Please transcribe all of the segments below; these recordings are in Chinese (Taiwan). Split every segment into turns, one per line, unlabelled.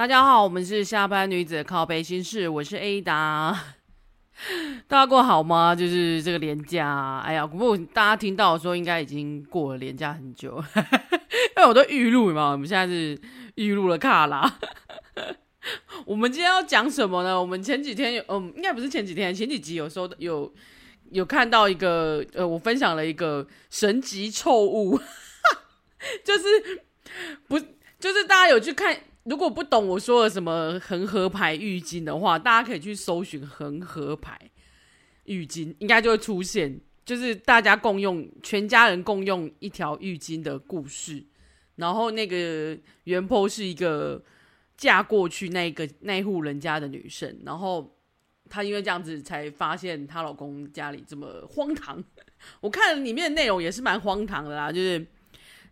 大家好，我們是下班女子的靠北心事，我是 Ada。大家過好嗎？就是這個連假，哎呀，不過大家聽到我說應該已經過了連假很久， 因為我都預錄嘛。我們現在是預錄了卡啦。 我們今天要講什麼呢？我們前幾天有，嗯，應該不是前幾天，前幾集有說有有看到一個，呃，我分享了一個神奇臭物，哈， 就是不就是大家有去看。如果不懂我說的什麼恆河牌浴巾的話，大家可以去搜尋恆河牌浴巾，應該就會出現，就是大家共用全家人共用一條浴巾的故事。然後那個原 PO 是一個嫁過去那一個那戶人家的女生，然後她因為這樣子才發現她老公家裡這麼荒唐。我看裡面的內容也是蠻荒唐的啦，就是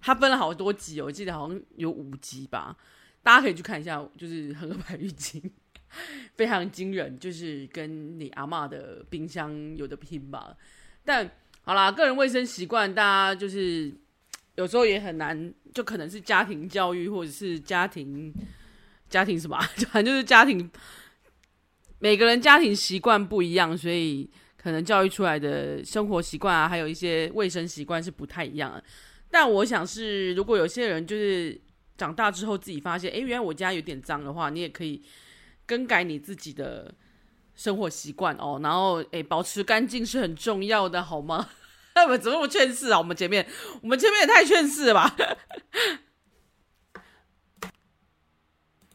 她分了好多集，我記得好像有五集吧。大家可以去看一下，就是很多牌浴巾，非常驚人，就是跟你阿嬤的冰箱有得拼吧。但好啦，個人衛生習慣，大家就是有時候也很難，就可能是家庭教育或者是家庭家庭什麼，反正就是家庭，每個人家庭習慣不一樣，所以可能教育出來的生活習慣啊，還有一些衛生習慣是不太一樣的。但我想是，如果有些人就是。長大之後自己發現，哎、欸，原來我家有點髒的話，你也可以更改你自己的生活習慣哦。然後，哎、欸，保持乾淨是很重要的，好嗎？ 怎麼我勸世啊？我們前面，我們前面也太勸世了吧？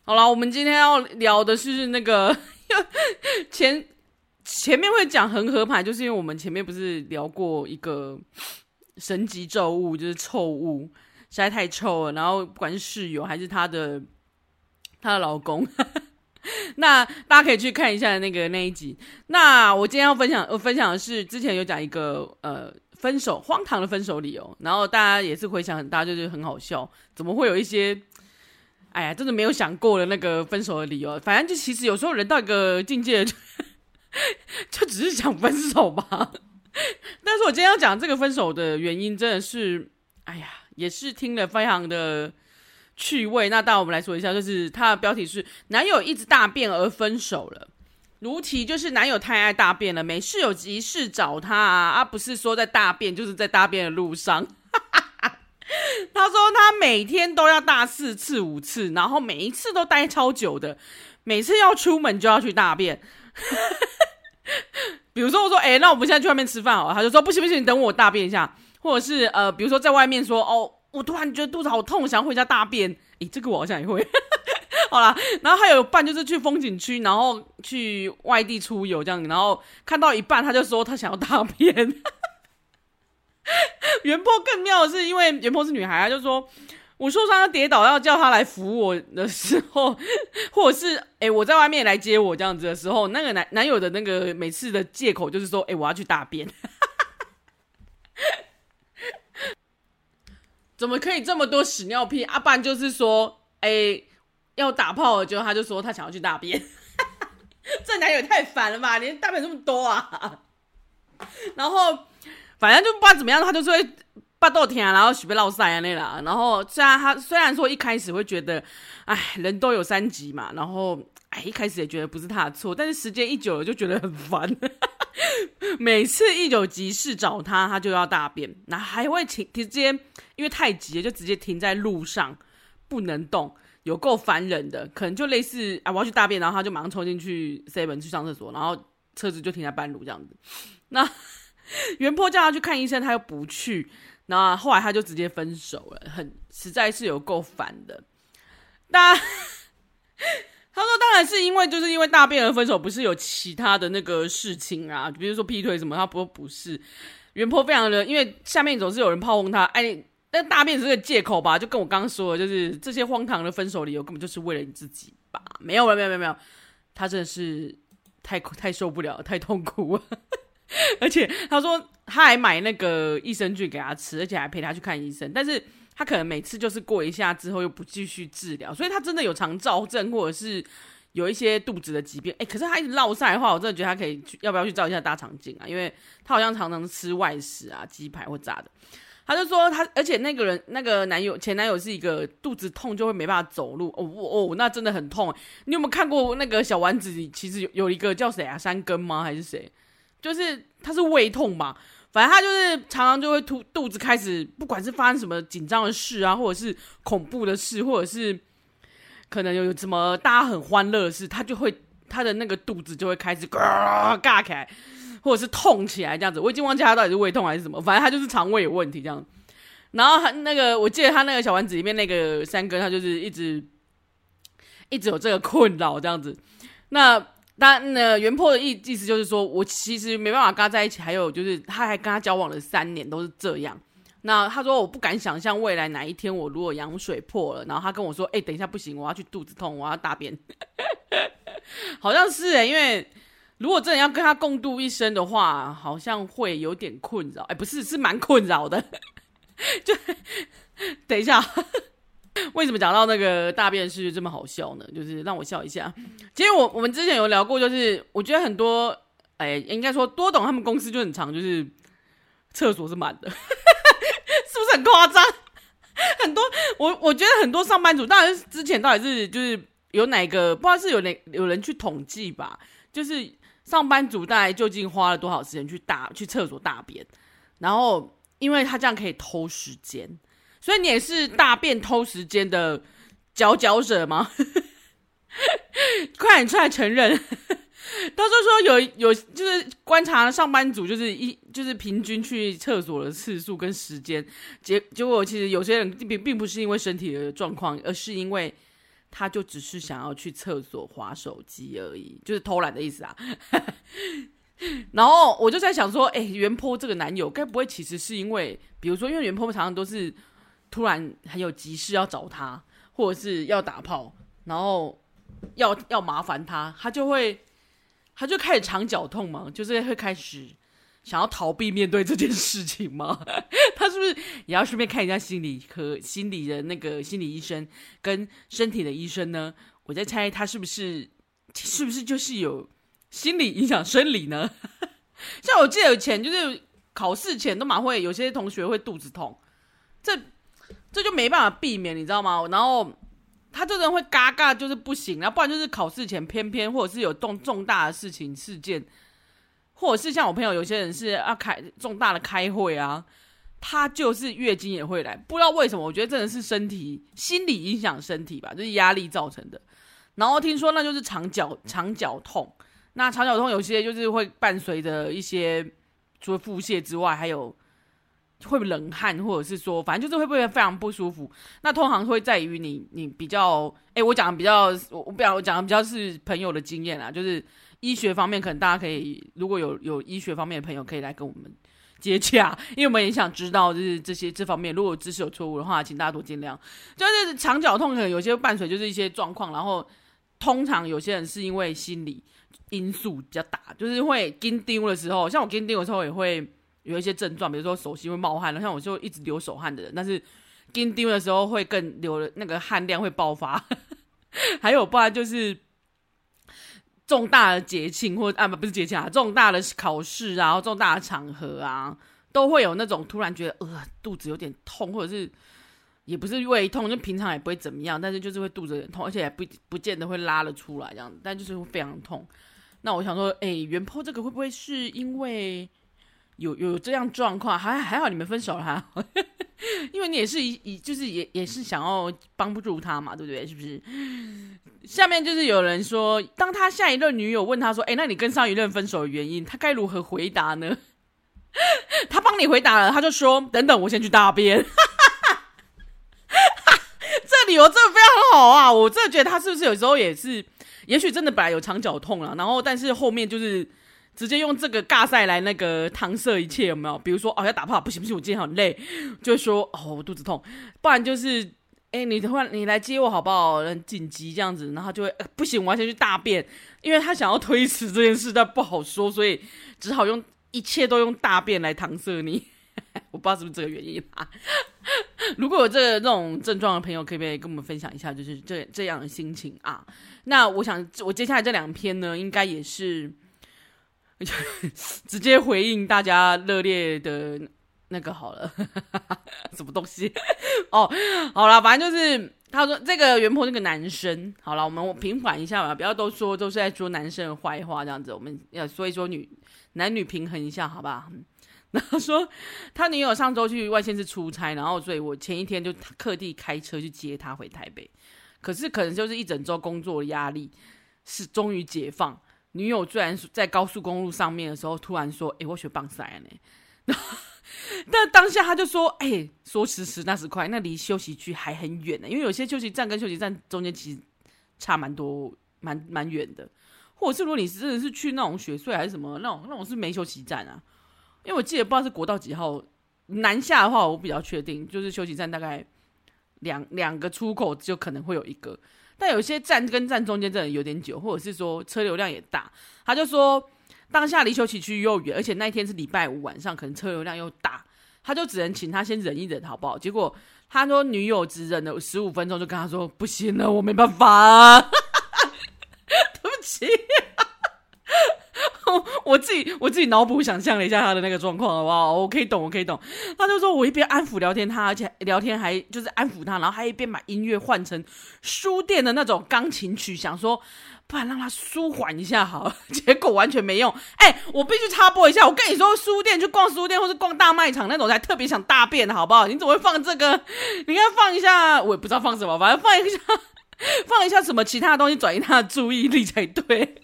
好了，我們今天要聊的是那個 前前面會講恆河牌，就是因為我們前面不是聊過一個神級咒物，就是臭物。實在太臭了，然後不管是室友還是她的她的老公，哈 哈，那大家可以去看一下那個那一集。那我今天要分享，我分享的是之前有講一個呃分手荒唐的分手理由，然後大家也是回想很大，就覺得很好笑，怎麼會有一些，哎呀，真的沒有想過的那個分手的理由。反正就其實有時候人到一個境界，就只是想分手吧。但是我今天要講這個分手的原因，真的是哎呀。也是聽了非常的趣味，那帶我們來說一下，就是他的標題是“男友一直大便而分手了”。如題，就是男友太愛大便了，沒事有急事找他啊，啊不是說在大便就是在大便的路上。哈哈哈，他說他每天都要大四次五次，然後每一次都待超久的，每次要出門就要去大便。 比如說我說：“哎、欸，那我們現在去外面吃飯哦”，他就說：“不行不行，你等我大便一下。”或者是呃，比如說在外面說哦，我突然覺得肚子好痛，想回家大便。誒、欸，這個我好像也會。 好啦，然後還有一半就是去風景區，然後去外地出遊這樣子，然後看到一半他就說他想要大便。 原波更妙的是因為原波是女孩啊，就說我受傷要跌倒要叫他來扶我的時候，或者是誒、欸、我在外面來接我這樣子的時候，那個男男友的那個每次的借口就是說誒、欸、我要去大便。 怎麼可以這麼多屎尿屁阿不就是說，哎、欸，要打炮了，就他就說他想要去大便。 這男友也太煩了吧？連大便這麼多啊！ 然後反正就不管怎麼樣，他就是會霸道啊，然後許被落賽啊那啦。然後雖然他雖然說一開始會覺得，哎，人都有三急嘛，然後哎一開始也覺得不是他的錯，但是時間一久了就覺得很煩。 每次一有急事找他，他就要大便，那還會停直接，因為太急就直接停在路上，不能動，有夠煩人的。可能就類似啊，我要去大便，然後他就馬上衝進去 e 門去上廁所，然後車子就停在半路這樣子。那原坡叫他去看醫生，他又不去，那後來他就直接分手了，很實在是有夠煩的。大 他說：“當然是因為，就是因為大便而分手，不是有其他的那個事情啊，比如說劈腿什麼。他不不是，原坡非常的，因為下面總是有人炮轟他。哎，那大便是個借口吧？就跟我剛剛說的，就是這些荒唐的分手理由，根本就是為了你自己吧？沒有沒有，沒有，沒有。他真的是太太受不了，太痛苦了。 而且他說他還買那個益生菌給他吃，而且還陪他去看醫生，但是。”他可能每次就是過一下之後又不繼續治療，所以他真的有腸躁症，或者是有一些肚子的疾病。誒、欸、可是他一直烙賽的話，我真的覺得他可以去要不要去照一下大腸鏡啊？因為他好像常常吃外食啊，雞排或炸的。他就說他，而且那個人那個男友前男友是一個肚子痛就會沒辦法走路哦哦、哦，那真的很痛。你有沒有看過那個小丸子？其實有有一個叫誰啊？山根嗎？還是誰？就是他是胃痛嘛？反正他就是常常就會突肚子開始，不管是發生什麼緊張的事啊，或者是恐怖的事，或者是可能有什麼大家很歡樂的事，他就會他的那個肚子就會開始嘎嘎起來，或者是痛起來這樣子。我已經忘記他到底是胃痛還是什麼，反正他就是腸胃有問題這樣。然後他那個，我記得他那個小丸子裡面那個三哥，他就是一直一直有這個困擾這樣子。那。那那原破的意意思就是說，我其實沒辦法跟他在一起。還有就是，他還跟他交往了三年，都是這樣。那他說，我不敢想象未來哪一天我如果羊水破了，然後他跟我說：“欸，等一下，不行，我要去肚子痛，我要大便。 ”好像是欸，因為如果真的要跟他共度一生的話，好像會有點困擾。欸，不是，是蠻困擾的。 就等一下。為什麼講到那個大便是這麼好笑呢？就是讓我笑一下。其實我我們之前有聊過，就是我覺得很多，哎、欸，應該說多董他們公司就很長，就是廁所是滿的， 是不是很誇張？ 很多，我我覺得很多上班族，當然之前到底是就是有哪一個不知道是有哪有人去統計吧？就是上班族大概究竟花了多少時間去大去廁所大便，然後因為他這樣可以偷時間。所以你也是大便偷時間的佼佼者嗎？ 快點出來承認！他說說有有，就是觀察上班族，就是一就是平均去廁所的次數跟時間，結結果，其實有些人並並不是因為身體的狀況，而是因為他就只是想要去廁所滑手機而已，就是偷懶的意思啊。 然後我就在想說，哎、欸，原坡這個男友該不會其實是因為，比如說，因為原坡常常都是。突然很有急事要找他，或者是要打炮，然後要要麻煩他，他就會，他就開始腸絞痛嘛，就是會開始想要逃避面對這件事情嘛。 他是不是也要順便看一下心理科、心理的那個心理醫生跟身體的醫生呢？我在猜他是不是是不是就是有心理影響生理呢？ 像我記得以前就是考試前都蠻會有些同學會肚子痛，這。這就沒辦法避免，你知道嗎？然後他這個人會嘎嘎，就是不行，那不然就是考試前偏偏或者是有重重大的事情、事件，或者是像我朋友有些人是啊開重大的開會啊，他就是月經也會來，不知道為什麼，我覺得真的是身體心理影響身體吧，就是壓力造成的。然後聽說那就是腸絞腸絞痛，那腸絞痛有些就是會伴隨着一些，除了腹瀉之外還有。會不會冷汗，或者是說，反正就是會不會非常不舒服？那通常會在於你，你比較，哎，欸，我講的比較，我我講我講的比較是朋友的經驗啊，就是醫學方面，可能大家可以如果有有醫學方面的朋友可以來跟我們接洽，因為我們也想知道，就是這些這方面，如果知識有錯誤的話，請大家多見諒。就是腸絞痛可能有些伴隨就是一些狀況，然後通常有些人是因為心理因素比較大，就是會驚丟的時候，像我驚丟的時候也會。有一些症狀，比如說手心會冒汗了，像我就一直流手汗的人，但是金釘的時候會更流的那個汗量會爆發。 還有，不然就是重大的節慶或啊，不是節慶啊，重大的考試啊，重大的場合啊,都會有那種突然覺得呃肚子有點痛，或者是也不是胃痛，就平常也不會怎麼樣，但是就是會肚子有點痛，而且也不不見得會拉了出來這樣，但就是會非常痛。那我想說，哎，原 PO 這個會不會是因為？有有這樣狀況，還還好你們分手了還好， 因為你也是一一就是也也是想要幫不住他嘛，對不對？是不是？下面就是有人說，當他下一任女友問他說：“哎、欸，那你跟上一任分手的原因，他該如何回答呢？” 他幫你回答了，他就說：“等等，我先去大便。”哈哈哈，這理由真的非常好啊，我真的覺得他是不是有時候也是，也許真的本來有腸絞痛啊，然後但是後面就是。直接用這個尬賽來那個搪塞一切有沒有？比如說哦要打炮，不行不行，我今天很累，就會說哦，我肚子痛，不然就是誒、欸、你的話你來接我好不好？很緊急這樣子，然後就會、欸、不行，我要先去大便，因為他想要推遲這件事，但不好說，所以只好用一切都用大便來搪塞你。 我不知道是不是這個原因啊？ 如果有這個、那種症狀的朋友，可不可以跟我們分享一下，就是這這樣的心情啊？那我想我接下來這兩篇呢，應該也是。 直接回應大家熱烈的那個好了， 什麼東西 哦？好了，反正就是他說這個原 PO 那個男生，好了，我們我平緩一下吧，不要都說都是在說男生的壞話這樣子，我們要說一說女男女平衡一下，好不好？然後說他女友上週去外縣市出差，然後所以我前一天就特地開車去接他回台北，可是可能就是一整週工作的壓力是終於解放。女友居然在高速公路上面的時候，突然說：“誒、欸，我學棒賽呢、啊。 ”那當下她就說：“誒、欸，說時遲那時快，那離休息區還很遠的、欸，因為有些休息站跟休息站中間其實差蠻多，蠻蠻遠的。或者是如果你真的是去那種雪隧還是什麼，那種那種是沒休息站啊。因為我記得不知道是國道幾號，南下的話我比較確定，就是休息站大概兩兩個出口就可能會有一個。”但有些站跟站中間真的有點久，或者是說車流量也大，他就說當下離休息區又遠，而且那一天是禮拜五晚上，可能車流量又大，他就只能請他先忍一忍，好不好？結果他說女友只忍了十五分鐘，就跟他說不行了，我沒辦法啊，哈 哈，對不起。我自己我自己腦補想象了一下他的那個狀況，好不好？我可以懂，我可以懂。他就說我一邊安撫聊天他，而且聊天還就是安撫他，然後還一邊把音樂換成書店的那種鋼琴曲，想說不然讓他舒緩一下好了。結果完全沒用。哎、欸，我必須插播一下，我跟你說，書店去逛書店，或是逛大賣場那種，才特別想大便，好不好？你怎麼會放這個？你應該放一下，我也不知道放什麼，反正放一下，放一下什麼其他的東西轉移他的注意力才對。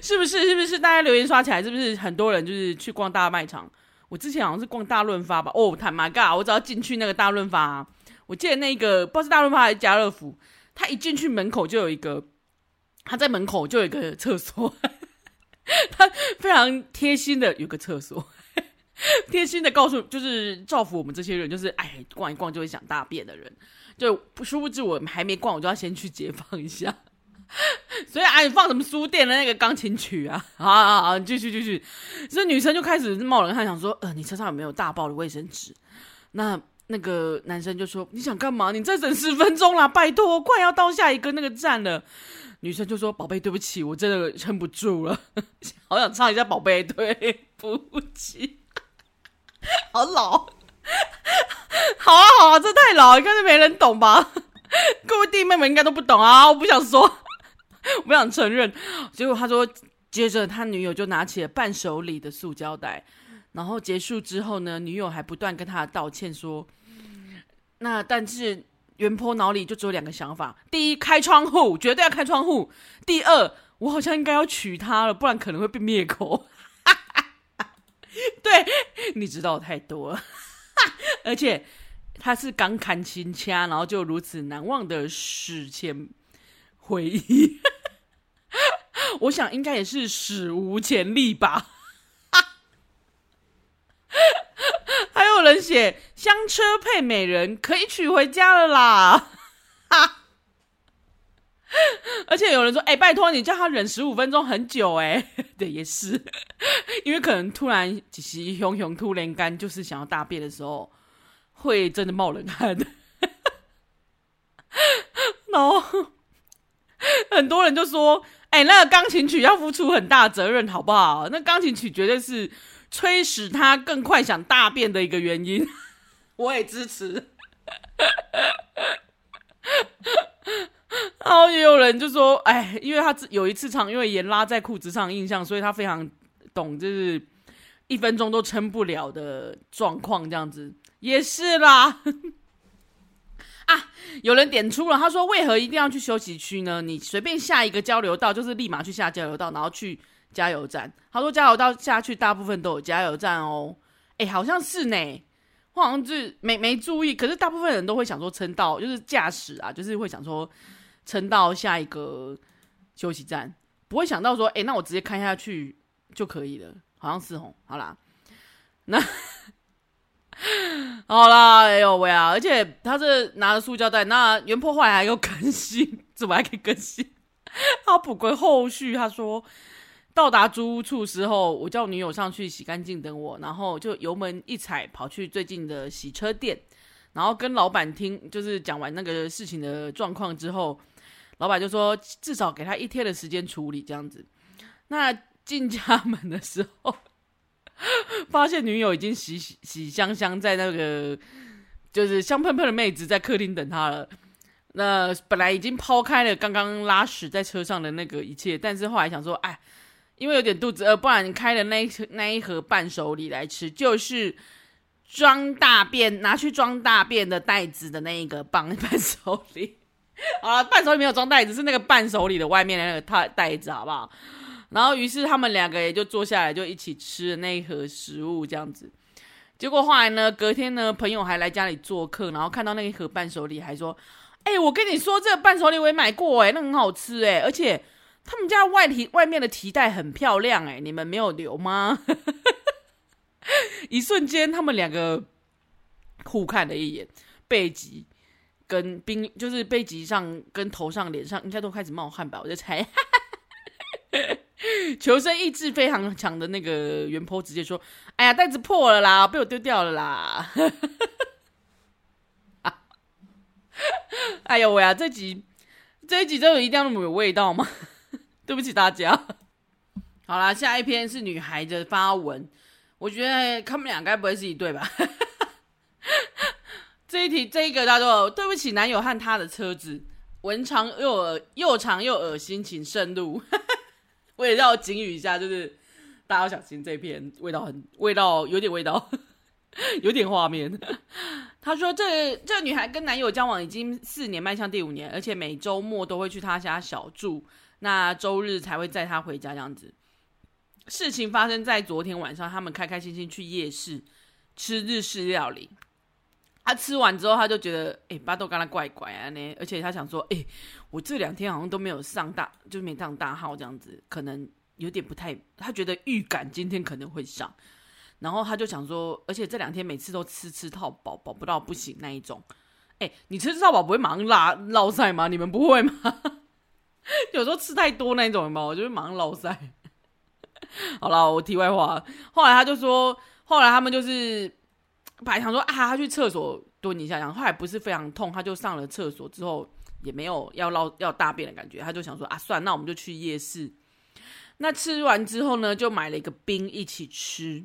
是不是？是不是？大家留言刷起來，是不是很多人就是去逛大賣場？我之前好像是逛大潤發吧？哦，他媽嘎！我只要進去那個大潤發、啊，我記得那個不知道是大潤發還是家樂福，他一進去門口就有一個，他在門口就有一個廁所， 他非常貼心的有個廁所，貼 心的告訴就是造福我們這些人，就是哎逛一逛就會想大便的人，就殊不知我還沒逛，我就要先去解放一下。所以啊，你放什麼書店的那個鋼琴曲啊？啊啊啊！繼續繼續，所以女生就開始冒冷汗，想說：“呃，你車上有沒有大包的衛生紙？”那那個男生就說：“你想幹嘛？你再等十分鐘啦，拜托，快要到下一個那個站了。”女生就說：“寶貝，對不起，我真的撐不住了，好想唱一下‘寶貝對不起’，好老，好啊好啊，這太老，應該是沒人懂吧？各位弟弟妹妹應該都不懂啊，我不想說。”我不想承認，結果他說，接着他女友就拿起了伴手禮的塑膠袋，然後結束之後呢，女友還不斷跟他道歉說。那但是原坡腦裡就只有兩個想法：第一，開窗戶絕對要開窗戶；第二，我好像應該要娶她了，不然可能會被滅口。 對，你知道太多了， 而且他是剛看情槍，然後就如此難忘的史前回憶。我想應該也是史無前例吧。 還有人寫香車配美人，可以娶回家了啦。 而且有人說：“哎、欸，拜托你叫他忍十五分鐘，很久哎、欸。 ”對，也是， 因為可能突然急急熊熊突然幹，就是想要大便的時候，會真的冒冷汗的。然 後 No 很多人就說。哎、欸，那個鋼琴曲要付出很大責任，好不好？那鋼琴曲絕對是催使他更快想大便的一個原因。 我也支持。 然後也有人就說，哎、欸，因為他有一次唱，因為鹽拉在褲子上印象，所以他非常懂，就是一分鐘都撐不了的狀況，這樣子也是啦。啊！有人點出了，他說：“為何一定要去休息區呢？你隨便下一個交流道，就是立馬去下交流道，然後去加油站。”他說：“交流道下去大部分都有加油站哦。”哎，好像是呢，我好像就是沒沒注意。可是大部分人都會想說，撐到就是駕駛啊，就是會想說撐到下一個休息站，不會想到說，哎，那我直接看下去就可以了。好像是哦，好啦，那。 好啦，哎呦喂啊！而且他是拿着塑膠袋，那原破壞還要更新，怎麼還可以更新？他補歸後續，他說到達租屋處時候，我叫女友上去洗乾淨等我，然後就油門一踩跑去最近的洗車店，然後跟老板聽就是講完那個事情的狀況之後，老板就說至少給他一天的時間處理這樣子。那進家門的時候。 發現女友已經洗洗香香，在那個就是香噴噴的妹子在客廳等他了。那本來已經拋開了剛剛拉屎在車上的那個一切，但是後來想說，哎，因為有點肚子餓，不然開了那一那一盒伴手禮來吃，就是裝大便拿去裝大便的袋子的那一個棒伴手禮。好了，伴手禮 沒有裝袋子，是那個伴手禮的外面的那個套袋子，好不好？然後，於是他們兩個也就坐下來，就一起吃了那一盒食物，這樣子。結果後來呢，隔天呢，朋友還來家裡做客，然後看到那一盒伴手禮，還說：“哎、欸，我跟你說，這個伴手禮我也買過、欸，哎，那很好吃、欸，哎，而且他們家外皮外面的提袋很漂亮、欸，哎，你們沒有留嗎？” 一瞬間，他們兩個互看了一眼，背脊跟冰，就是背脊上跟頭上臉上應該都開始冒汗吧，我就猜。哈哈哈。求生意志非常強的那個原 PO 直接說：“哎呀，袋子破了啦，被我丟掉了啦！” 啊、哎呦喂呀、啊，這集這一集真的一定要那麼有味道嗎？ 對不起大家。好啦，下一篇是女孩的發文，我覺得他們倆該不會是一對吧 這一？這一題這一個他說：“對不起，男友和他的車子，文長又惡又長又噁心，請慎入。”我也要警語一下，就是大家要小心這篇味道很味道有點味道，呵呵有點畫面呵呵。他說、這個，這這個、女孩跟男友交往已經四年，邁向第五年，而且每周末都會去她家小住，那周日才會載她回家這樣子。事情發生在昨天晚上，他們開開心心去夜市吃日式料理。他吃完之後，他就覺得，哎、欸，巴豆跟他怪怪啊呢！而且他想說，哎、欸，我這兩天好像都沒有上大，就是沒上大號這樣子，可能有點不太。他覺得預感今天可能會上，然後他就想說，而且這兩天每次都吃吃套飽，飽不到不行那一種。哎、欸，你吃，吃套飽不會馬上落賽嗎？你們不會嗎？ 有時候吃太多那一種嘛，我就會馬上落賽。 好啦，我題外話。後來他就說，後來他們就是。本來想說啊，他去廁所蹲一下，然後後來不是非常痛，他就上了廁所之後也沒有要拉要大便的感覺，他就想說啊，算，那我們就去夜市。那吃完之後呢，就買了一個冰一起吃。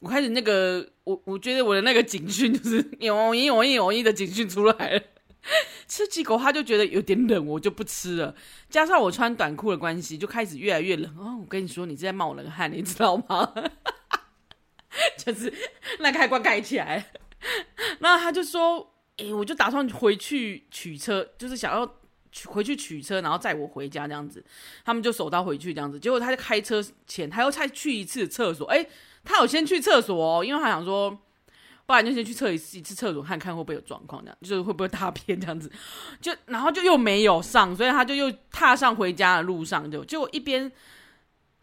我開始那個，我我覺得我的那個警訊就是容易容易容易的警訊出來了。吃幾口他就覺得有點冷，我就不吃了。加上我穿短褲的關係，就開始越來越冷。哦，我跟你說，你是在冒冷汗，你知道嗎？ 就是那開關蓋起來，那 他就說：“哎、欸，我就打算回去取車，就是想要回去取車，然後載我回家這樣子。”他們就守到回去這樣子。結果他就開車前，他又再去一次廁所。哎、欸，他有先去廁所哦、喔，因為他想說，不然就先去廁一次，一次廁所看看會不會有狀況，這樣就是會不會大便這樣子。就然後就又沒有上，所以他就又踏上回家的路上，就就一邊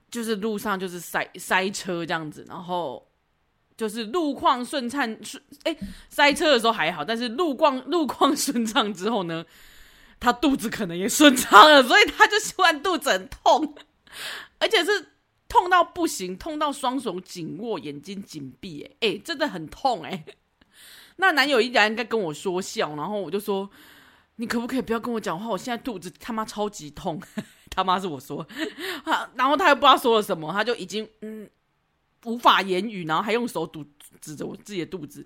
就是路上就是塞塞車這樣子，然後。就是路況順暢順，欸，塞車的時候還好，但是路況路況順暢之後呢，他肚子可能也順暢了，所以他就喜歡肚子很痛，而且是痛到不行，痛到雙手緊握，眼睛緊閉、欸，誒、欸、真的很痛誒、欸、那男友依然應該跟我說笑，然後我就說，你可不可以不要跟我講話？我現在肚子他媽超級痛，呵呵他媽是我說，然後他又不知道說了什麼，他就已經嗯。無法言語，然後還用手堵，指着我自己的肚子，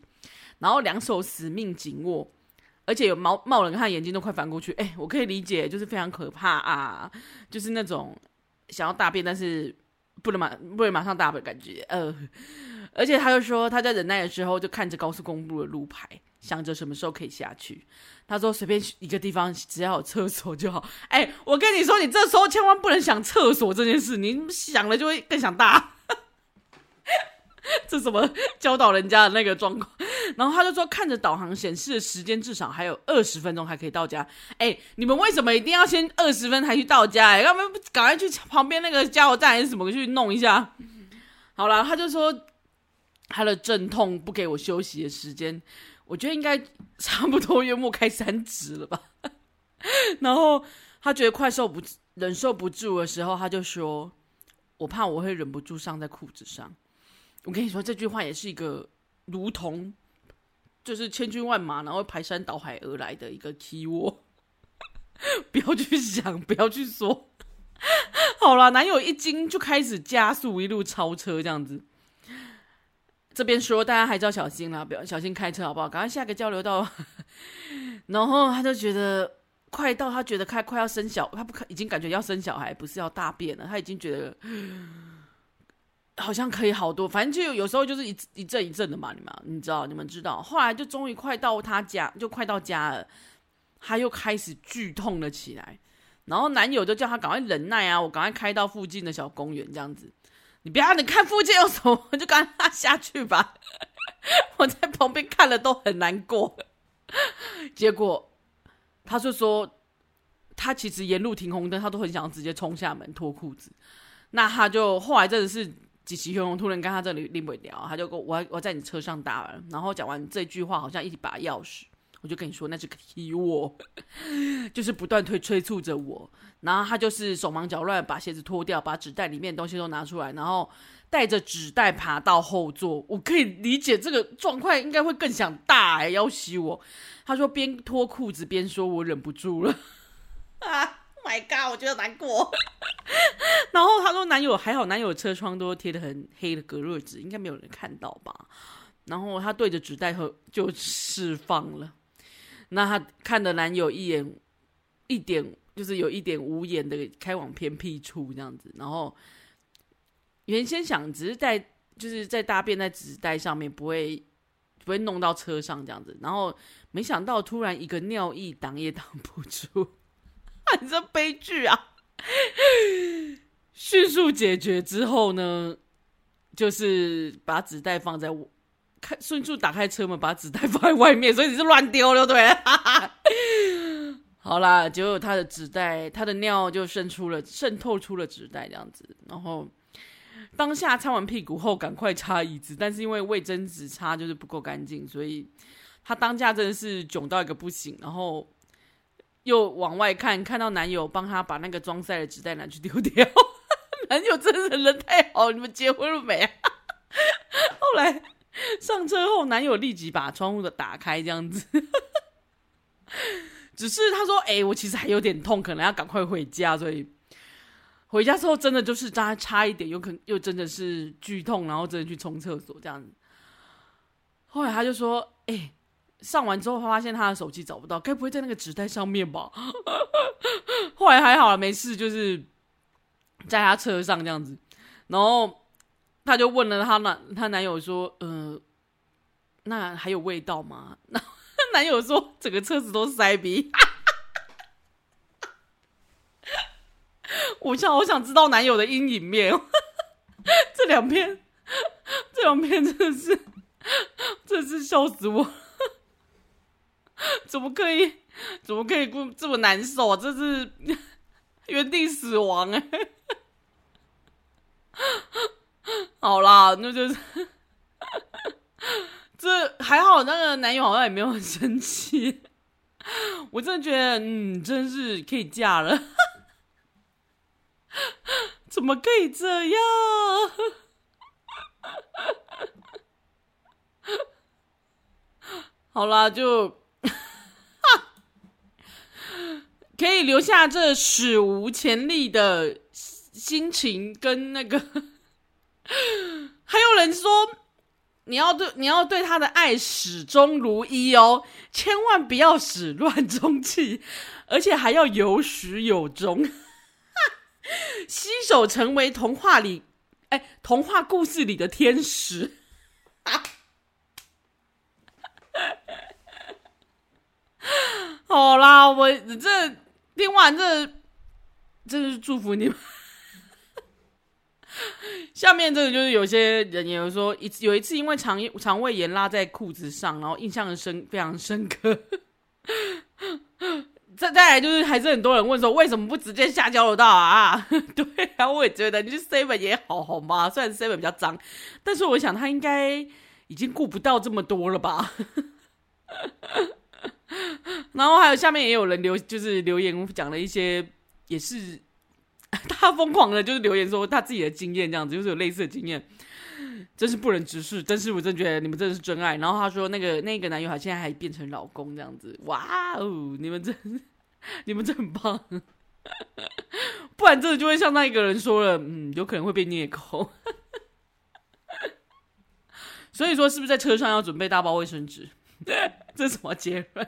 然後兩手死命緊握，而且有毛冒冷汗，眼睛都快翻過去。哎，我可以理解，就是非常可怕啊，就是那種想要大便但是不能馬不能馬上大便的感覺。呃，而且他就說他在忍耐的時候就看着高速公路的路牌，想着什麼時候可以下去。他說隨便一個地方只要有廁所就好。哎，我跟你說，你這時候千萬不能想廁所這件事，你想了就會更想大。 這怎麼教導人家的那個狀況？然後他就說，看着導航顯示的時間，至少還有二十分鐘還可以到家。哎，你們為什麼一定要先二十分才去到家？哎，要不趕快去旁邊那個加油站還是什麼去弄一下？好了，他就說他的陣痛不給我休息的時間，我覺得應該差不多月末開三指了吧。然後他覺得快受不忍受不住的時候，他就說，我怕我會忍不住上在褲子上。我跟你說，這句話也是一個如同就是千軍萬馬，然後排山倒海而來的一個雞窩。 不要去想，不要去說。 好了，男友一驚就開始加速，一路超車，這樣子。這邊說，大家還是要小心了，不要小心開車，好不好？趕快下一個交流道。 然後他就覺得快到，他覺得開快，快要生小，他不已經感覺要生小孩，不是要大便了，他已經覺得。 好像可以好多，反正就有，有時候就是一一陣一陣的嘛。你們，你知道，你們知道。後來就終於快到他家，就快到家了，他又開始劇痛了起來。然後男友就叫他趕快忍耐啊，我趕快開到附近的小公園這樣子。你不要，你看附近有什麼，我就趕快拉下去吧。我在旁邊看了都很難過。結果他就說，他其實沿路停紅燈，他都很想直接衝下門脫褲子。那他就後來真的是。急急擁擁，突然跟他這裡立尾聊，他就跟我，我，我在你車上大了。然後講完這句話，好像一把鑰匙，我就跟你說那是踢我， 就是不斷推催促着我。然後他就是手忙腳亂，把鞋子脫掉，把紙袋裡面東西都拿出來，然後帶着紙袋爬到後座。我可以理解這個狀況，應該會更想大、欸，要洗我。他說邊脫褲子邊說，我忍不住了。啊、 ah,，My God，我覺得難過。然後她說：“男友還好，男友車窗都貼得很黑的隔熱紙，應該沒有人看到吧？”然後她對着紙袋後就釋放了。那她看了男友一眼，一點就是有一點無言的開往偏僻處這樣子。然後原先想只是在就是在大便在紙袋上面，不會不會弄到車上這樣子。然後沒想到突然一個尿意擋也擋不住，很 你這悲劇啊！ 迅速解決之後呢，就是把紙袋放在開，迅速打開車門，把紙袋放在外面，所以你是亂丟了，了，對。 好啦，結果他的紙袋，他的尿就滲出了，滲透出了紙袋這樣子。然後當下擦完屁股後，趕快擦椅子，但是因為衛生紙擦就是不夠乾淨，所以他當下真的是囧到一個不行。然後又往外看，看到男友幫他把那個裝塞的紙袋拿去丟掉。男友真的人太好，你們結婚了沒、啊？ 後來上車後，男友立即把窗戶的打開，這樣子。 只是他說：“哎、欸，我其實還有點痛，可能要趕快回家。”所以回家之後，真的就是差差一點，又可能又真的是劇痛，然後真的去衝廁所這樣子。後來他就說：“哎、欸，上完之後，發現他的手機找不到，該不會在那個紙袋上面吧？” 後來還好了，沒事，就是。在她車上這樣子，然後他就問了她男她男友說：“呃，那還有味道嗎？”那男友說：“整個車子都塞鼻。 ”我好想知道男友的陰影面。 這兩篇，這兩篇真的是，真是笑死我！ 怎麼可以，怎麼可以過這麼難受？這是。原地死亡哎、欸， 好啦，那就是 這還好，那個男友好像也沒有很生氣。 我真的覺得，嗯，真是可以嫁了。 怎麼可以這樣？ 好啦，就。可以留下這史無前例的心情，跟那個，還有人說你要對你要對他的愛始終如一哦，千萬不要始亂終棄，而且還要有始有終，攜 手成為童話裡哎、欸、童話故事裡的天使。啊、好啦，我這。另外，這真，真的是祝福你們。 下面這個就是有些人也有說，一有一次因為腸腸胃炎，拉在褲子上，然後印象很深，非常深刻。 再再來就是還是很多人問說，為什麼不直接下交流道啊？ 對啊，我也覺得，你去 seven 也好，好嗎？雖然 seven 比較髒，但是我想他應該已經顧不到這麼多了吧。 然後還有下面也有人留，就是留言講了一些，也是他瘋狂的，就是留言說他自己的經驗這樣子，就是有類似的經驗，真是不忍直視。但是，我真覺得你們真的是真愛。然後他說，那個那個男友還現在還變成老公這樣子，哇哦，你們真，你們真棒，不然真的就會像那一個人說了，嗯，有可能會被虐狗。所以說，是不是在車上要準備大包衛生紙？這什麼結論？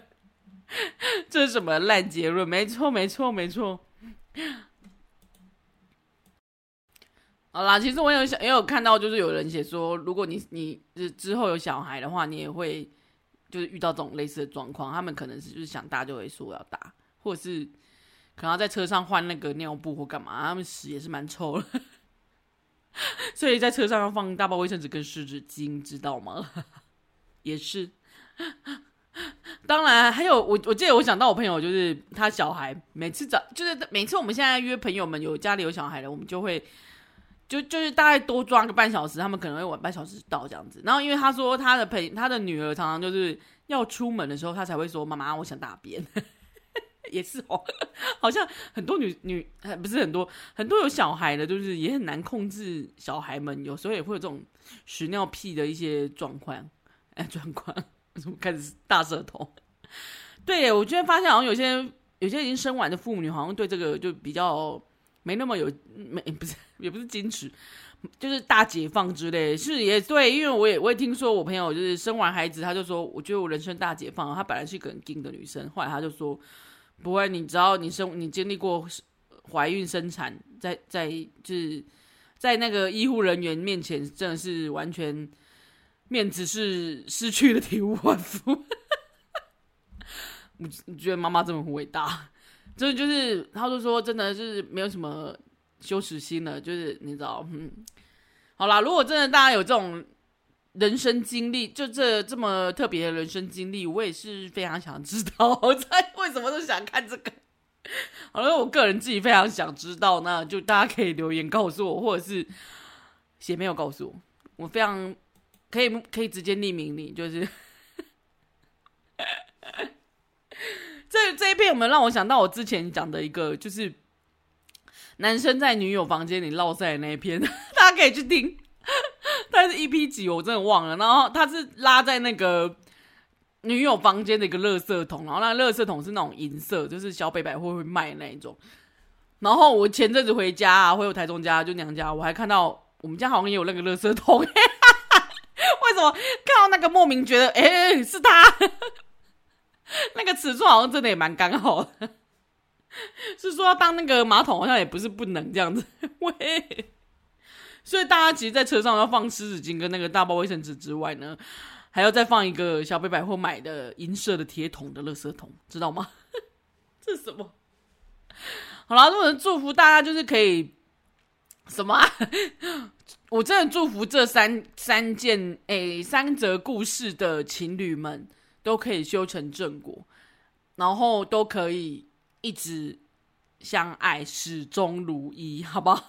這是什麼爛結論？沒錯，沒錯，沒錯。好啦，其實我有想，也有看到，就是有人寫說，如果你你之後有小孩的話，你也會就是遇到這種類似的狀況。他們可能是就是想打就會說我要打，或者是可能要在車上換那個尿布或幹嘛，他們屎也是蠻臭的， 所以在車上要放大包衛生紙跟濕紙巾，知道嗎？ 也是。 當然，還有我，我記得我想到我朋友，就是他小孩每次找，就是每次我們現在約朋友們有家裡有小孩的，我們就會就就是大概多抓個半小時，他們可能會晚半小時到這樣子。然後因為他說他的朋，他的女兒常常就是要出門的時候，他才會說媽媽，我想大便。也是哦，好像很多女女不是很多很多有小孩的，就是也很難控制小孩們，有時候也會有這種屎尿屁的一些狀況，哎，狀況。開始大舌頭。對耶，對，我今天發現，好像有些有些已經生完的婦女，好像對這個就比較沒那麼有，沒，不是也不是矜持，就是大解放之類。是也對，因為我也我也聽說我朋友就是生完孩子，他就說，我覺得我人生大解放。她本來是個很矜的女生，後來她就說，不會，你知道你生你經歷過懷孕生產，在在就是在那個醫護人員面前，真的是完全。面子是失去了體無完膚，你 你覺得媽媽這麼偉大，真的就是，他就說真的是沒有什麼羞恥心了，就是你知道，嗯，好啦，如果真的大家有這種人生經歷，就這這麼特別的人生經歷，我也是非常想知道，我在為什麼都想看這個。好了，我個人自己非常想知道，那就大家可以留言告訴我，或者是寫 email 告訴我，我非常。可以可以直接匿名你，就是這這一篇，有沒有讓我想到我之前講的一個，就是男生在女友房間裡落晒那一篇，大家可以去聽，但是 EP 幾我真的忘了。然後他是拉在那個女友房間的一個垃圾桶，然後那個垃圾桶是那種銀色，就是小北百貨會，會賣那一種。然後我前陣子回家啊，回我台中家就娘家，我還看到我們家好像也有那個垃圾桶。怎麼看到那個莫名覺得哎、欸，是他？ 那個尺寸好像真的也蠻剛好的。 是說要當那個馬桶好像也不是不能這樣子喂。 所以大家其實，在車上要放濕紙巾跟那個大包衛生紙之外呢，還要再放一個小北百貨買的銀色的鐵桶的垃圾桶，知道嗎？ 這是什麼？好啦，如果能祝福大家，就是可以。什麼、啊？我真的祝福這三三件誒、欸、三則故事的情侶們，都可以修成正果，然後都可以一直相愛，始終如一，好不好？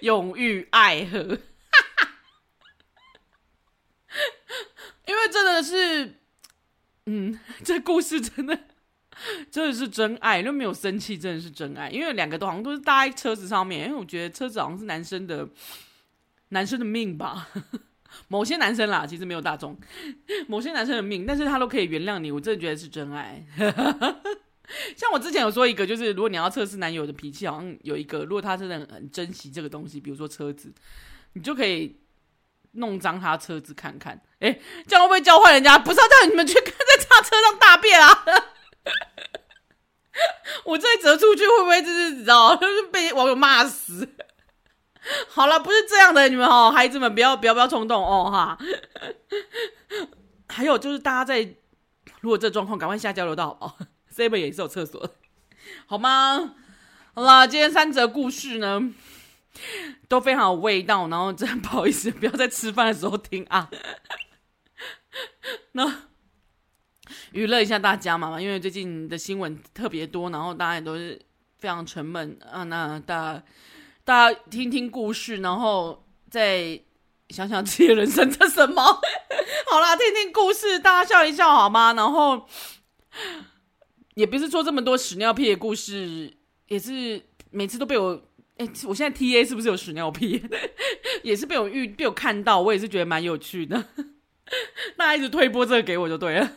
永 浴愛河。 因為真的是，嗯，這故事真的。真的是真愛，都沒有生氣，真的是真愛。因為兩個都好像都是搭在車子上面，因為我覺得車子好像是男生的男生的命吧， 某些男生啦，其實沒有大眾，某些男生的命，但是他都可以原諒你，我真的覺得是真愛。 像我之前有說一個，就是如果你要測試男友的脾氣，好像有一個，如果他真的很珍惜這個東西，比如說車子，你就可以弄髒他車子看看，誒、欸，這樣會不會教壞人家？不是，要叫你們去 在他車上大便啊？ 我再折出去會不會就是你知道就是被網友罵死？ 好啦，不是這樣的，你們哦，孩子們不要不要不要衝動哦哈。 還有就是大家在如果這狀況，趕快下交流道哦。Seven 也是有廁所的，好嗎？好啦，今天三則故事呢都非常有味道，然後真不好意思，不要在吃飯的時候聽啊。 那。娛樂一下大家嘛嘛，因為最近的新聞特別多，然後大家也都是非常沉悶啊。那大家大家聽聽故事，然後再想想自己的人生這什麼。好啦，聽聽故事，大家笑一笑好嗎？然後也不是說這麼多屎尿屁的故事，也是每次都被我哎、欸，我現在 T A 是不是有屎尿屁？也是被我遇被我看到，我也是覺得蠻有趣的。那一直推播這個給我就對了。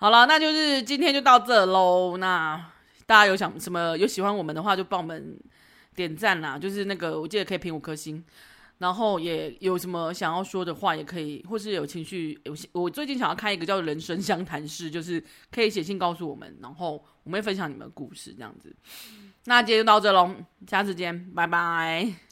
好了，那就是今天就到這嘍。那大家有想什麼有喜歡我們的話，就幫我們點讚啦。就是那個，我記得可以評五顆星。然後也有什麼想要說的話，也可以，或是有情緒，有我最近想要開一個叫“人生相談室”就是可以寫信告訴我們，然後我們會分享你們的故事這樣子。那今天就到這嘍，下次見，拜拜。